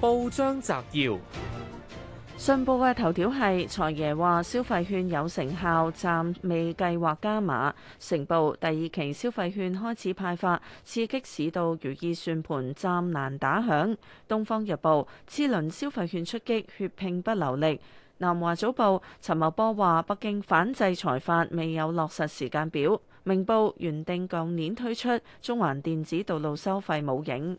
報章摘要：信報嘅頭條係財爺話消費券有成效，暫未計劃加碼。成報第二期消費券開始派發，刺激市道如意算盤暫難打響。東方日報次輪消費券出擊，血拼不留力。南華早報陳茂波話北京反制裁法未有落實時間表。明報原定舊年推出中環電子道路收費冇影。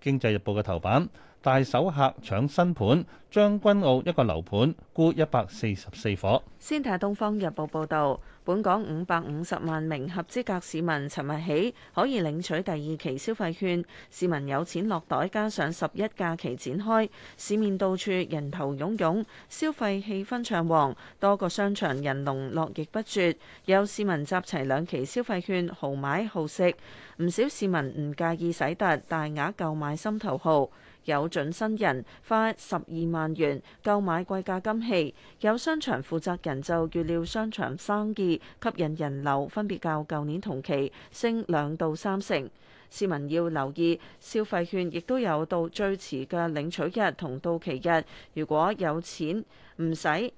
《經濟日報》嘅頭版，大手客搶新盤，將軍澳一個樓盤沽一百四十四伙。先睇下《東方日報》報導，本港五百五十萬名合資格市民，尋日起可以領取第二期消費券，市民有錢落袋，加上十一假期展開，市面到處人頭湧湧，消費氣氛暢旺，多個商場人龍絡繹不絕，有市民集齊兩期消費券豪買豪食，唔少市民唔介意使大大額購買。大心頭號，有準新人花十二萬元購買貴價金器，有商場負責人就預料商場生意吸引人流，分別較舊年同期升兩到三成。市民要留意消費券亦都有到最遲嘅領取日同到期日，如果有錢唔使，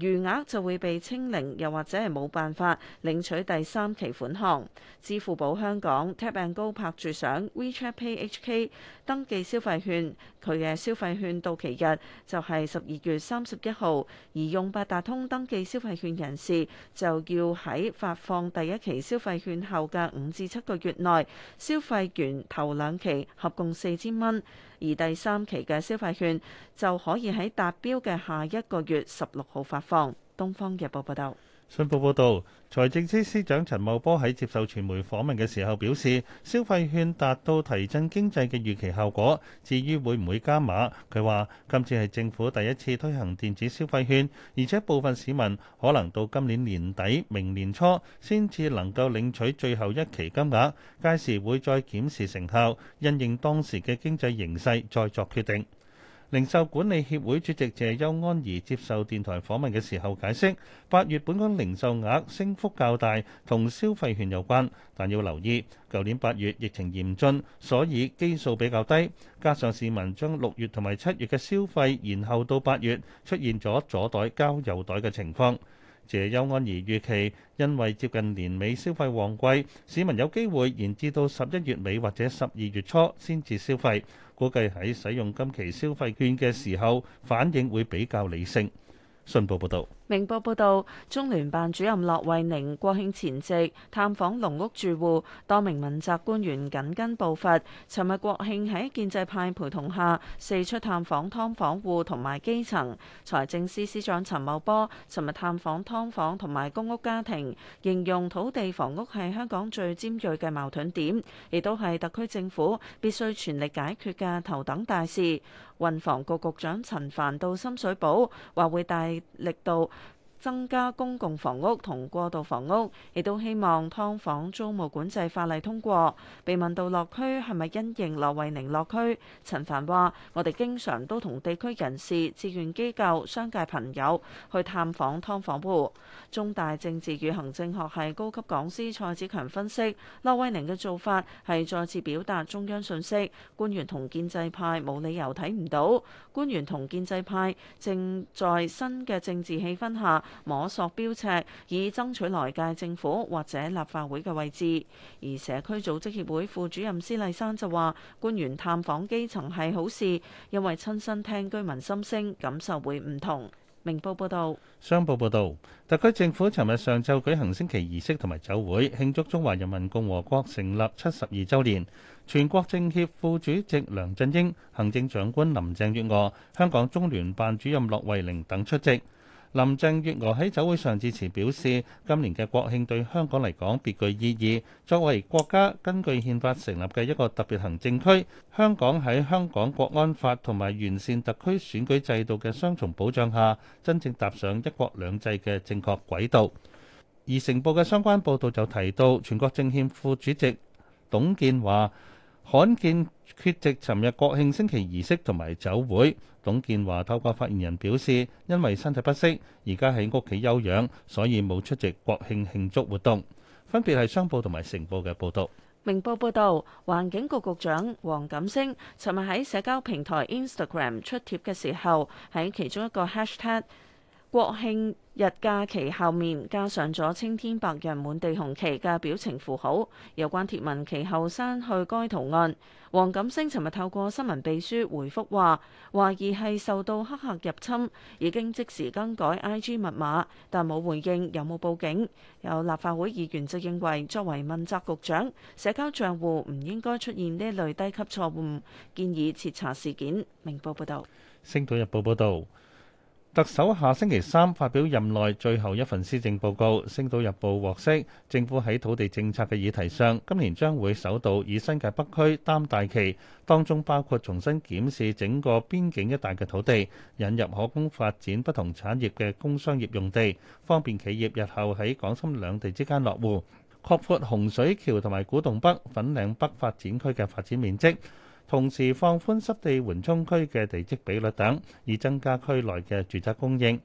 餘額就會被清零，又或者係冇辦法領取第三期款項。支付寶香港 Tap & Go 拍住上 WeChat Pay HK 登記消費券，佢嘅消費券到期日就係十二月三十一號。而用八達通登記消費券人士，就要喺發放第一期消費券後嘅五至七個月內消費完頭兩期合共四千蚊。而第三期嘅消費券就可以喺達標嘅下一個月十六號發放。《東方日報》報道。信報報導，財政司司長陳茂波喺接受傳媒訪問嘅時候表示，消費券達到提振經濟嘅預期效果。至於會唔會加碼，佢話今次係政府第一次推行電子消費券，而且部分市民可能到今年年底、明年初先至能夠領取最後一期金額，屆時會再檢視成效，因應當時嘅經濟形勢再作決定。零售管理協會主席謝邱安儀接受電台訪問嘅時候解釋，八月本港零售額升幅較大，同消費券有關，但要留意，舊年八月疫情嚴峻，所以基數比較低，加上市民將六月同埋七月嘅消費延後到八月，出現咗左袋交右袋嘅情況。謝優安兒預期，因為接近年尾消費旺季，市民有機會延至到十一月尾或者十二月初先至消費，估計喺使用今期消費券嘅時候，反應會比較理性。信報報道。明報報導，中聯辦主任駱惠寧國慶前夕探訪籠屋住戶，多名問責官員緊跟步伐。尋日國慶喺建制派陪同下，四出探訪劏房戶同埋基層。財政司司長陳茂波尋日探訪劏房同埋公屋家庭，形容土地房屋係香港最尖鋭嘅矛盾點，亦都係特區政府必須全力解決嘅頭等大事。運房局局長陳帆到深水埗，話會大力度，增加公共房屋同過渡房屋，亦都希望劏房租務管制法例通過。被問到落區係咪因應駱惠寧落區，陳帆話：我哋經常都同地區人士、志願機構、商界朋友去探訪劏房戶。中大政治與行政學系高級講師蔡子強分析，駱惠寧嘅做法係再次表達中央訊息，官員同建制派冇理由睇唔到，官員同建制派正在新嘅政治氣氛下。摸索標尺，以爭取來屆政府或者立法會嘅位置。而社區組織協會副主任施麗珊就話，官員探訪基層係好事，因為親身聽居民心聲，感受會唔同。明報報道：商報報導，特區政府尋日上晝舉行升旗儀式同埋酒會，慶祝中華人民共和國成立七十二週年。全國政協副主席梁振英、行政長官林鄭月娥、香港中聯辦主任駱惠寧等出席。林鄭月娥喺酒會上致辭表示，今年嘅國慶對香港嚟講別具意義。作為國家根據憲法成立嘅一個特別行政區，香港喺香港國安法同埋完善特區選舉制度嘅雙重保障下，真正踏上一國兩制嘅正確軌道。而成報嘅相關報導就提到，全國政協副主席董建華罕見缺席，尋日國慶升旗儀式同埋酒會。董建華透過發言人表示，因為身體不適，而家喺屋企休養，所以冇出席國慶慶祝活動。分別係商報同埋成報嘅報道。明報報道，環境局局長黃錦星尋日喺社交平台 Instagram 出帖嘅時候，喺其中一個 hashtag，國慶日假期後面加上咗青天白日滿地紅旗嘅表情符號，有關帖文其後刪去該圖案。黃錦星尋日透過新聞秘書回覆話，懷疑係受到黑客入侵，已經即時更改 IG 密碼，但冇回應有冇報警。有立法會議員就認為，作為問責局長，社交帳戶唔應該出現呢類低級錯誤，建議徹查事件。明報報道。星島日報報道。特首下星期三發表任內最後一份施政報告，《星島日報》獲悉，政府喺土地政策嘅議題上，今年將會首度以新界北區擔大旗，當中包括重新檢視整個邊境一帶嘅土地，引入可供發展不同產業嘅工商業用地，方便企業日後喺港深兩地之間落戶，擴闊洪水橋同埋古洞北、粉嶺北發展區嘅發展面積。同時放寬濕地緩衝區嘅地積比率等，以增加區內嘅住宅供應。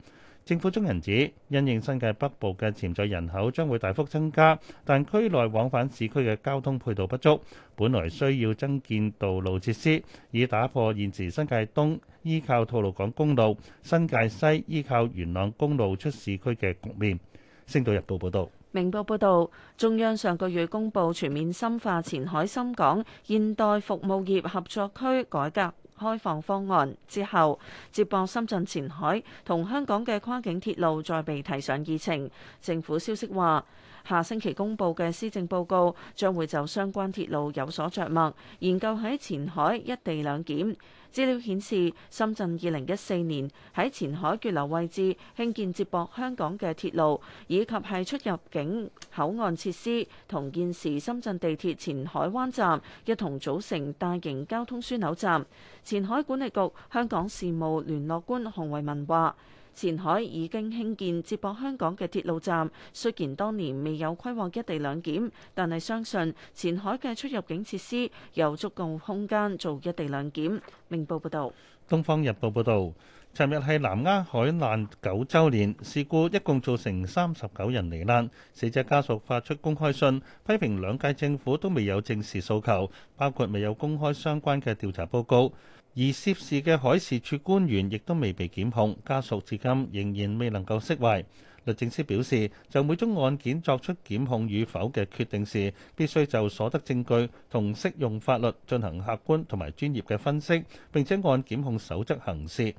政府中人指，因應新界北部嘅潛在人口將會大幅增加，但區內往返市區嘅交通配套不足，本來需要增建道路設施，以打破現時新界東依靠吐露港公路、新界西依靠元朗公路出市區嘅局面。星島日報報道。明報報導，中央上個月公布全面深化前海深港現代服務業合作區改革開放方案之後，接駁深圳前海同香港嘅跨境鐵路再被提上議程。政府消息話，下星期公布嘅施政報告將會就相關鐵路有所著墨，研究喺前海一地兩檢。資料顯示，深圳二零一四年喺前海閲流位置興建接駁香港嘅鐵路，以及係出入境口岸設施同現時深圳地鐵前海灣站一同組成大型交通樞紐站。前海管理局香港事務聯絡官洪惠文話。前海已經興建接駁香港嘅鐵路站，雖然當年未有規劃一地兩檢，但係相信前海嘅出入境設施有足夠空間做一地兩檢。明報報道。東方日報報道。尋日係南丫海難九週年事故，一共造成三十九人罹難。死者家屬發出公開信，批評兩屆政府都未有正式訴求，包括未有公開相關嘅調查報告，而涉事嘅海事處官員亦都未被檢控。家屬至今仍然未能夠釋懷。律政司表示，就每宗案件作出檢控與否嘅決定時，必須就所得證據同適用法律進行客觀同埋專業嘅分析，並且按檢控守則行事。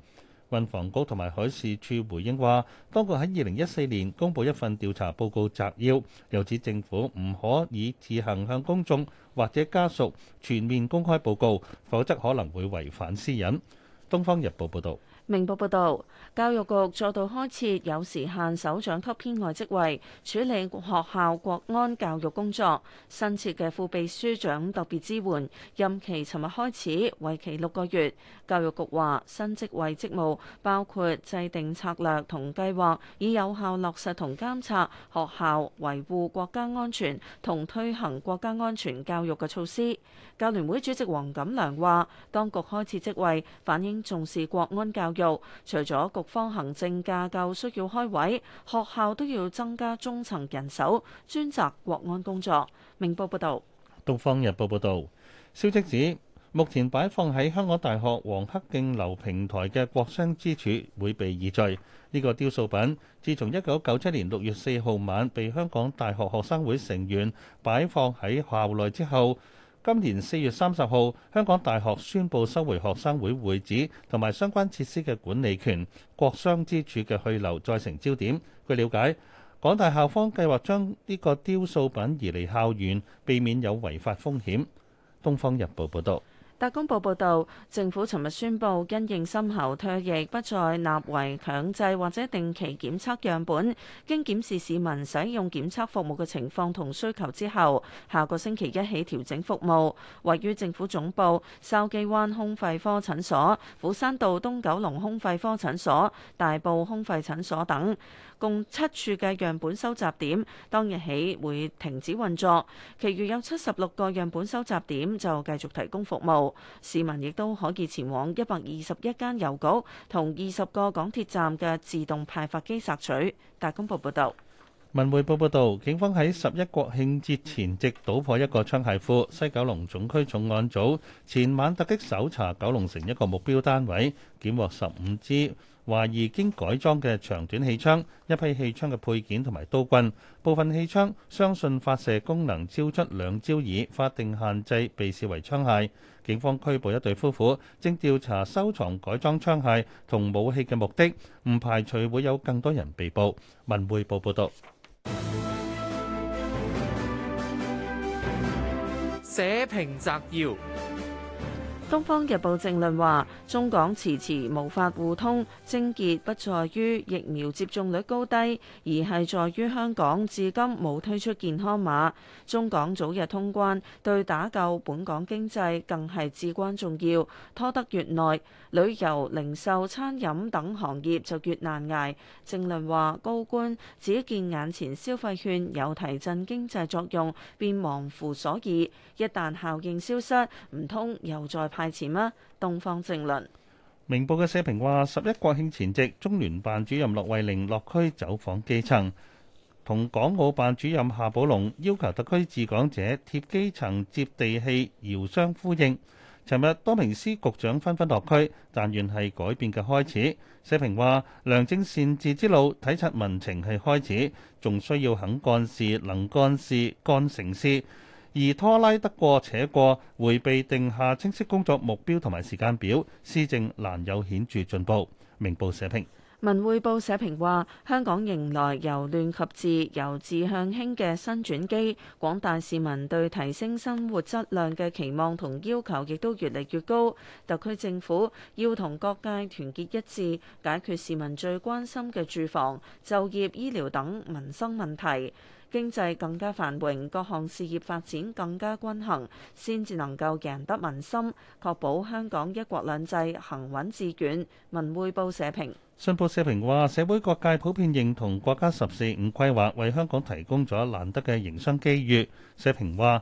運房局同埋海事處回應話，當局喺二零一四年公布一份調查報告摘要，又指政府唔可以自行向公眾或者家屬全面公開報告，否則可能會違反私隱。《東方日報》報道。明報報道，教育局再度開設有時限首長級編外職位，處理學校國安教育工作。新設嘅副秘書長特別支援，任期尋日開始，為期六個月。教育局話新職位職務包括制定策略同計劃，以有效落實同監察學校維護國家安全同推行國家安全教育嘅措施。教聯會主席黃錦良話當局開設職位，反映重視國安教育。要除咗局方行政架構需要開位，學校都要增加中層人手，專責國安工作。明報報導，《東方日報》報導，消息指，目前擺放喺香港大學黃克競樓平台嘅國殤之柱會被移除。呢個雕塑品，自從一九九七年六月四號晚被香港大學學生會成員擺放喺校內之後。今年四月三十號，香港大學宣布收回學生會會址同埋相關設施嘅管理權，國殤之柱嘅去留再成焦點。據了解，港大校方計劃將呢個雕塑品移離校園，避免有違法風險。《東方日報》報道。大公報報道，政府尋日宣布，因應深喉唾液不再納為強制或者定期檢測樣本，經檢視市民使用檢測服務嘅情況同需求之後，下個星期一起調整服務。位於政府總部、筲箕灣胸肺科診所、釜山道東九龍胸肺科診所、大埔胸肺診所等共七處嘅樣本收集點，當日起會停止運作，其餘有七十六個樣本收集點就繼續提供服務。市民亦都可以前往一百二十一間郵局同二十個港鐵站嘅自動派發機索取。大公報報道，文匯報報道，警方喺十一國慶節前夕搗破一個槍械庫，西九龍總區重案組前晚突擊搜查九龍城一個目標單位，檢獲十五支，懷疑經改裝嘅長短氣槍、一批氣槍嘅配件同埋刀棍，部分氣槍相信發射功能超出兩焦耳，法定限制，被視為槍械。警方拘捕一對夫婦，正調查收藏改裝槍械同武器嘅目的，唔排除會有更多人被捕。文匯報報道。社評摘要。《東方日報政論》話：中港遲遲無法互通，症結不在於疫苗接種率高低，而係在於香港至今冇推出健康碼。中港早日通關，對打救本港經濟更係至關重要。拖得越耐，旅遊、零售、餐飲等行業就越難捱。正論話，高官只見眼前消費券有提振經濟作用，便忘乎所以。一旦效應消失，唔通又再派錢嗎？東方正論。明報嘅社評話：十一國慶前夕，中聯辦主任駱惠寧落區走訪基層，同港澳辦主任夏寶龍要求特區治港者貼基層接地氣，遙相呼應。尋日多名司局長紛紛落區，但願係改變嘅開始。社評話：良政善治之路，體察民情係開始，仲需要肯幹事、能幹事、幹成事。而拖拉得過且過，回避定下清晰工作目標同埋時間表，施政難有顯著進步。明報社評。文匯報社評話：香港迎來由亂及治、由治向興嘅新轉機，廣大市民對提升生活質量嘅期望同要求亦都越嚟越高，特區政府要同各界團結一致，解決市民最關心嘅住房、就業、醫療等民生問題。經濟更加繁榮，各項事業發展更加均衡，先至能夠贏得民心，確保香港一國兩制行穩致遠。文匯報社評。信報社評話，社會各界普遍認同國家十四五規劃為香港提供咗難得嘅營商機遇。社評話。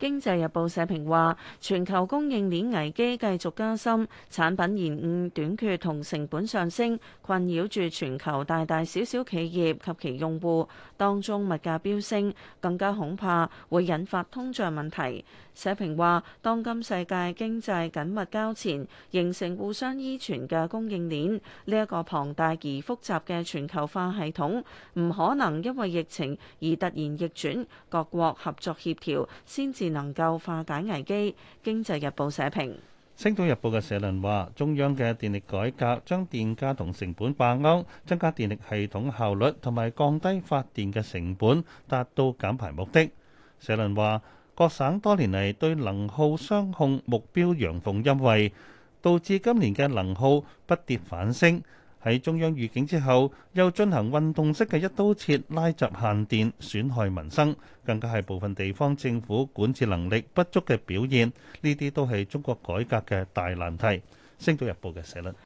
經濟日報社評話：全球供應鏈危機繼續加深，產品延誤、短缺同成本上升困擾住全球大大小小企業及其用戶。當中物價飆升，更加恐怕會引發通脹問題。社評話：當今世界經濟緊密交纏，形成互相依存嘅供應鏈，呢一個龐大而複雜嘅全球化系統，唔可能因為疫情而突然逆轉。各國合作協調先至能夠化解危機。《經濟日報》社評。《星島日報》嘅社論話：中央嘅電力改革將電價同成本掛鈎，增加電力系統效率同埋降低發電嘅成本，達到減排目的。社論話：各省多年嚟對能耗雙控目標陽奉陰違，導致今年嘅能耗不跌反升。喺中央預警之後，又進行運動式嘅一刀切拉閘限電，損害民生，更加係部分地方政府管治能力不足嘅表現。呢啲都係中國改革嘅大難題。星島日報嘅社論。